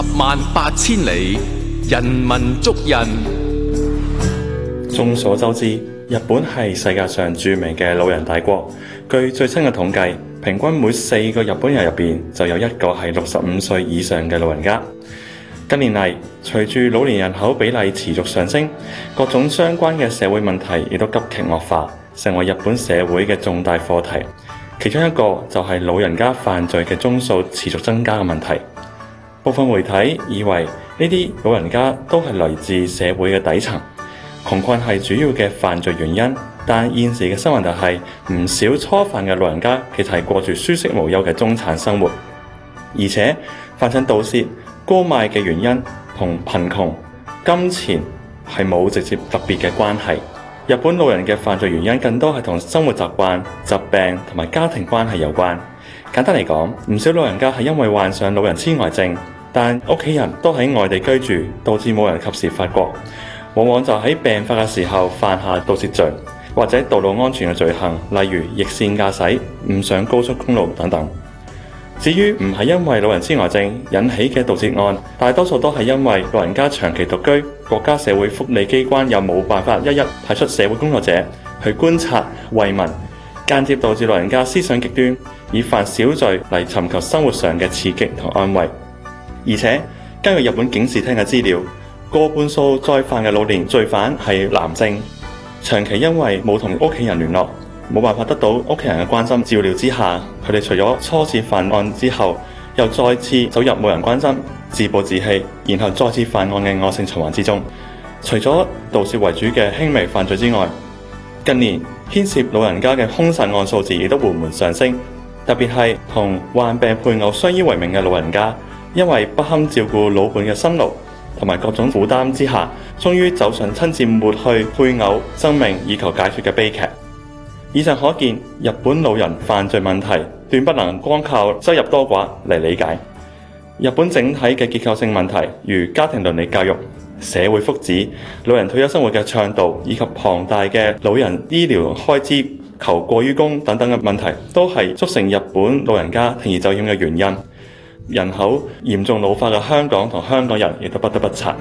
十萬八千里，人文足印。眾所周知，日本係世界上著名嘅老人大國。據最新嘅統計，平均每四個日本人入邊就有一個係六十五歲以上嘅老人家。近年嚟，隨住老年人口比例持續上升，各種相關嘅社會問題亦都急劇惡化，成為日本社會嘅重大課題。其中一個就係老人家犯罪嘅宗數持續增加嘅問題。部分媒體以為呢啲老人家都係來自社會嘅底層，窮困係主要嘅犯罪原因。但現時嘅新聞就係，唔少初犯嘅老人家其實係過住舒適無憂嘅中產生活，而且犯賊盜竊高買嘅原因同貧窮、金錢係冇直接特別嘅關係。日本老人嘅犯罪原因更多係同生活習慣、疾病同埋家庭關係有關。簡單嚟講，唔少老人家係因為患上老人痴呆症。但屋企人都喺外地居住，導致冇人及時發覺，往往就喺病發嘅時候犯下盜竊罪，或者道路安全嘅罪行，例如逆線駕駛、誤上高速公路等等。至於唔係因為老人痴呆症引起嘅盜竊案，大多數都係因為老人家長期獨居，國家社會福利機關又冇辦法一一派出社會工作者去觀察慰問，間接導致老人家思想極端，以犯小罪嚟尋求生活上嘅刺激同安慰。而且根據日本警視廳嘅資料，過半數再犯嘅老年罪犯係男性，長期因為冇同屋企人聯絡，冇辦法得到屋企人嘅關心照料之下，佢哋除咗初次犯案之後，又再次走入冇人關心、自暴自棄，然後再次犯案嘅惡性循環之中。除咗盜竊為主嘅輕微犯罪之外，近年牽涉老人家嘅兇殺案數字亦都緩緩上升，特別係同患病配偶相依為命嘅老人家。因為不堪照顧老伴嘅辛勞同埋各種負擔之下，終於走上親自抹去配偶生命以求解決嘅悲劇。以上可見，日本老人犯罪問題斷不能光靠收入多寡嚟理解。日本整體嘅結構性問題，如家庭倫理教育、社會福祉、老人退休生活嘅倡導以及龐大嘅老人醫療開支求過於供等等嘅問題，都係促成日本老人家鋌而走險嘅原因。人口嚴重老化嘅香港同香港人，亦都不得不察。